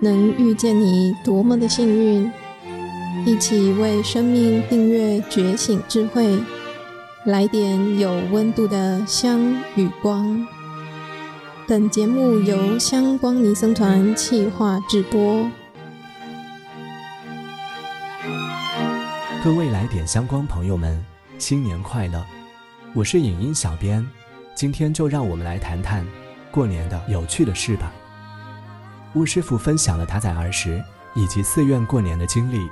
能遇見你多麼的幸運！一起為生命訂閱覺醒智慧，來點有溫度的香與光。本節目由香光尼僧團企劃製播。各位來點香光朋友們，新年快樂！我是影音小編，今天就讓我們來談談過年的有趣的事吧。悟師父分享了他在兒時以及寺院過年的經歷，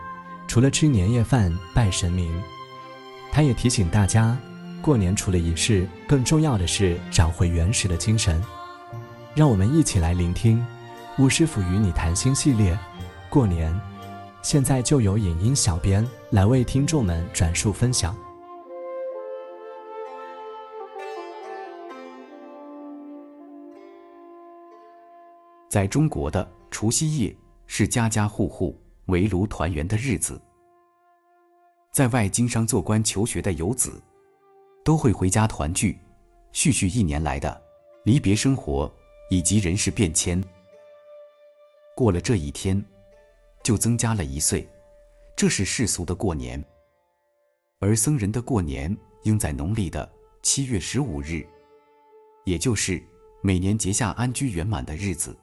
除了吃年夜飯、拜神明，他也提醒大家，過年除了儀式，更重要的是找回原始的精神。讓我們一起來聆聽悟師父與你談心系列《過年》，現在就由影音小編來為聽眾們轉述分享。在中國的除夕夜是家家戶戶圍爐團圓的日子，在外經商、做官、求學的遊子都會回家團聚，敘敘一年來的離別生活以及人事變遷。過了這一天，就增加了一歲，這是世俗的過年。而僧人的過年應在農曆的七月十五日，也就是每年結夏安居圓滿的日子。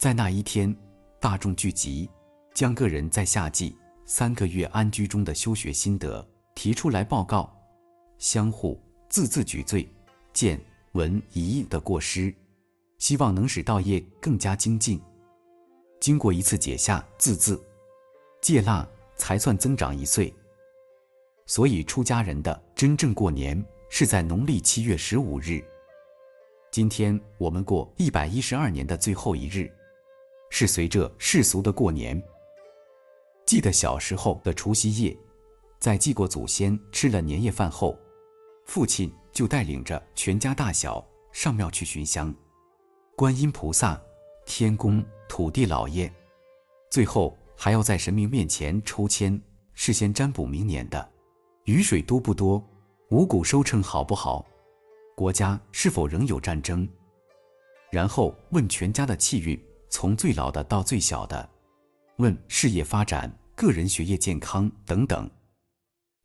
在那一天，大眾聚集，將個人在夏季三個月安居中的修學心得提出來報告，相互自恣舉罪、見聞疑義的過失，希望能使道業更加精進。經過一次解夏自恣，戒臘才算增長一歲。所以出家人的真正過年是在農曆七月十五日。今天我們過一百一十二年的最後一日，是隨着世俗的過年。記得小時候的除夕夜，在祭過祖先、吃了年夜飯後，父親就帶領着全家大小上廟去巡香，觀音菩薩、天公、土地老爺，最後還要在神明面前抽籤，事先占卜明年的雨水多不多，五穀收成好不好，國家是否仍有戰爭，然後問全家的氣運。從最老的到最小的，問事業發展、個人學業、健康等等，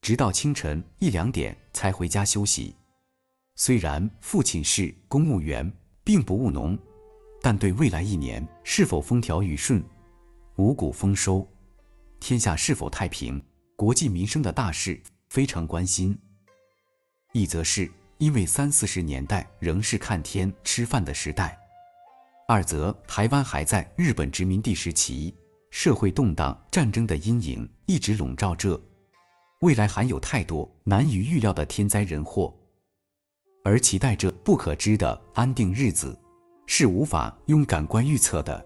直到清晨一兩點才回家休息。雖然父親是公務員，並不務農，但對未來一年是否風調雨順、五谷豐收、天下是否太平、國計民生的大事非常關心。一則是因為三四十年代仍是看天吃飯的時代。二則，台灣還在日本殖民地時期，社會動盪、戰爭的陰影一直籠罩着，未來還有太多難以預料的天災人禍，而期待著不可知的安定日子，是無法用感官預測的。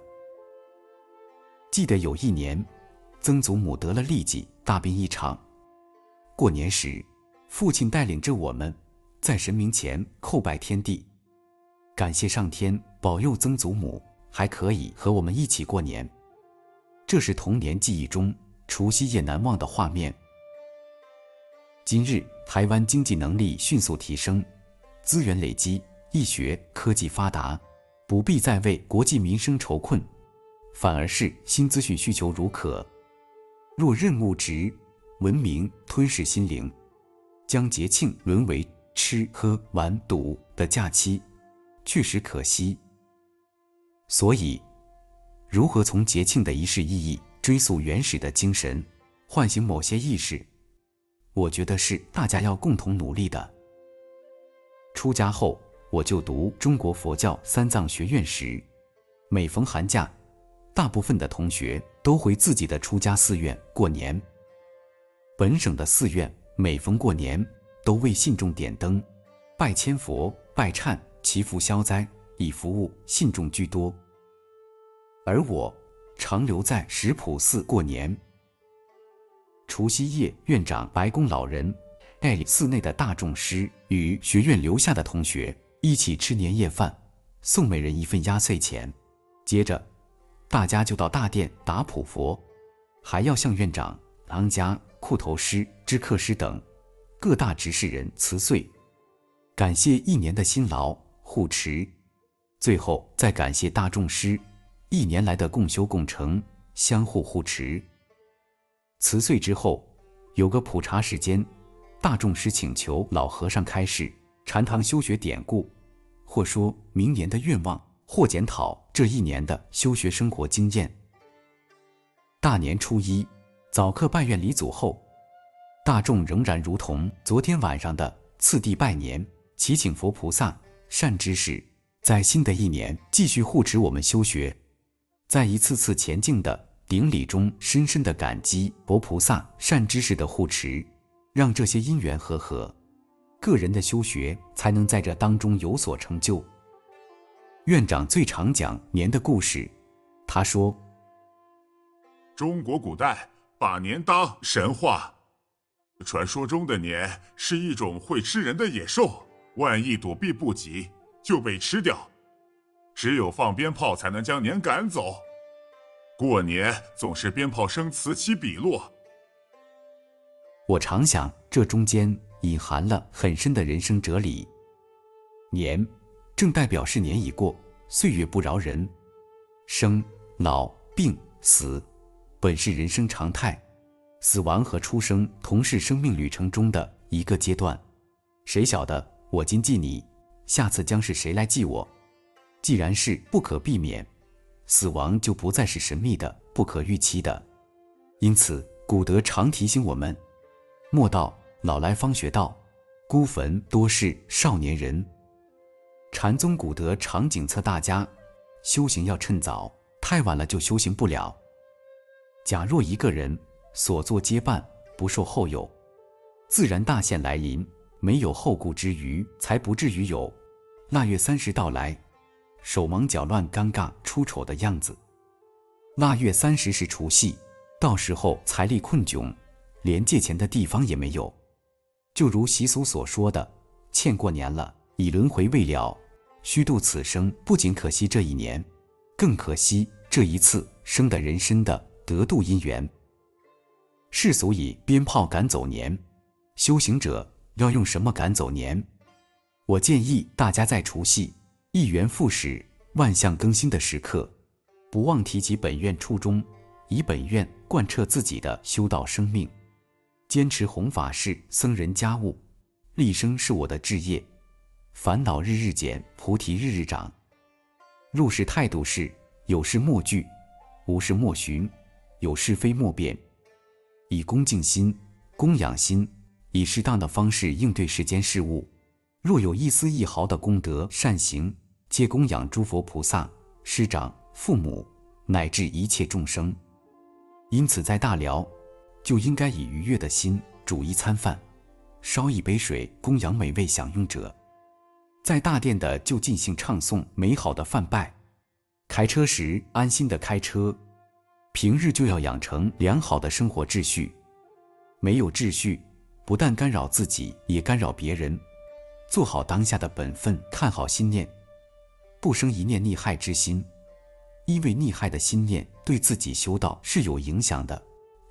記得有一年，曾祖母得了痢疾，大病一場。過年時，父親帶領着我們，在神明前叩拜天地。感謝上天保佑曾祖母，還可以和我們一起過年。這是童年記憶中除夕夜難忘的畫面。今日台灣經濟能力迅速提升，資源累積，醫學科技發達，不必再為國計民生愁困，反而是新資訊需求如渴。若任務值文明吞噬心靈，將節慶淪為吃喝玩賭的假期。確實可惜。所以，如何從節慶的儀式意義追溯原始的精神，喚醒某些意識，我覺得是大家要共同努力的。出家後，我就讀中國佛教三藏學院時，每逢寒假，大部分的同學都回自己的出家寺院過年。本省的寺院每逢過年都為信眾點燈、拜千佛、拜懺。祈福消災，以服務信眾居多。而我常留在十普寺過年。除夕夜，院長、白公老人，帶領寺內的大眾師與學院留下的同學一起吃年夜飯，送每人一份壓歲錢。接着，大家就到大殿打普佛，還要向院長、當家、庫頭師、知客師等各大執事人辭歲，感謝一年的辛勞。護持，最後再感謝大眾師一年來的共修共成，相互護持。辭歲之後，有個普查時間，大眾師請求老和尚開示禪堂修學典故，或說明年的願望，或檢討這一年的修學生活經驗。大年初一早課拜願禮祖後，大眾仍然如同昨天晚上的次第拜年，祈請佛菩薩善知識，在新的一年繼續護持我們修學，在一次次前進的頂禮中，深深的感激佛菩薩善知識的護持，讓這些因緣和合，個人的修學才能在這當中有所成就。院長最常講年的故事，他說：中國古代把年當神話，傳說中的年是一種會吃人的野獸。萬一躲避不及，就被吃掉。只有放鞭炮才能將年趕走。過年總是鞭炮聲此起彼落。我常想，這中間隱含了很深的人生哲理。年正代表是年已過，歲月不饒人。生、老、病、死，本是人生常態。死亡和出生同是生命旅程中的一個階段。誰曉得？我今祭你，下次將是誰來祭我？既然是不可避免，死亡就不再是神秘的、不可預期的。因此，古德常提醒我們：“莫道老來方學道，孤墳多是少年人。”禪宗古德常警策大家：修行要趁早，太晚了就修行不了。假若一個人所作皆辦，不受後有，自然大限來臨。沒有後顧之憂，才不至於有臘月三十到來，手忙腳亂、尷尬出醜的樣子。臘月三十是除夕，到時候財力困窘，連借錢的地方也沒有。就如習俗所說的：“欠過年了，已輪回未了，虛度此生，不僅可惜這一年，更可惜這一次生的人生的得度因緣。”世俗以鞭炮趕走年，修行者。要用什麼趕走年？我建議大家在除夕一元復始、萬象更新的時刻，不忘提起本願初衷，以本願貫徹自己的修道生命，堅持弘法是僧人家務。立生是我的志業，煩惱日日減，菩提日日長。入世態度是：有事莫懼，無事莫尋，有是非莫辯，以恭敬心、供養心。以適當的方式應對世間事物，若有一絲一毫的功德善行，皆供養諸佛菩薩、師長、父母乃至一切眾生。因此，在大寮就應該以愉悅的心煮一餐飯，燒一杯水供養每位享用者；在大殿的就盡興唱誦美好的梵唄；開車時安心的開車；平日就要養成良好的生活秩序，沒有秩序。不但干擾自己，也干擾別人。做好當下的本分，看好心念，不生一念逆害之心，因為逆害的心念對自己修道是有影響的。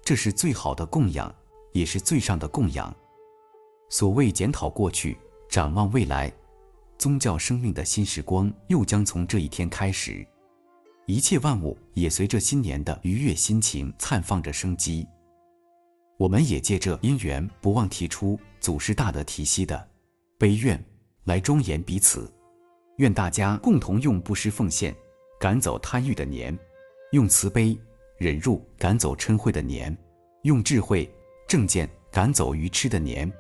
這是最好的供養，也是最上的供養。所謂檢討過去，展望未來，宗教生命的新時光又將從這一天開始。一切萬物也隨着新年的愉悅心情，燦放着生機。我們也借着因緣，不忘提出祖師大德提系的悲願，來莊嚴彼此。願大家共同用布施奉獻，趕走貪欲的年；用慈悲忍辱，趕走嗔恚的年；用智慧正見，趕走愚癡的年，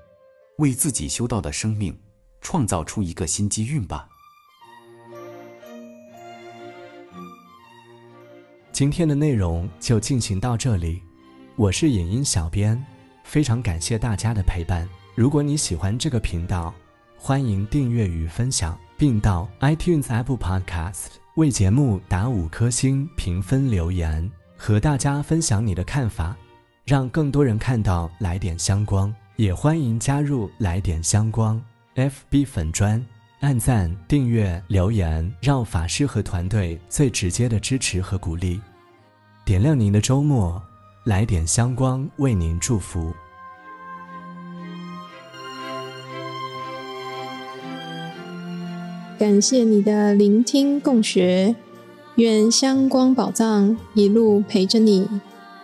為自己修道的生命創造出一個新機運吧。今天的內容就進行到這裡。我是影音小編，非常感謝大家的陪伴。如果你喜歡這個頻道，歡迎訂閱與分享，並到 iTunes Apple Podcast 為節目打五顆星評分留言，和大家分享你的看法，讓更多人看到。來點香光，也歡迎加入來點香光 FB 粉專，按讚、訂閱、留言，讓法師和團隊最直接的支持和鼓勵，點亮您的週末。來點香光為您祝福，感謝你的聆聽共學，願香光寶藏一路陪着你，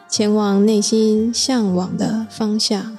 前往內心向往的方向。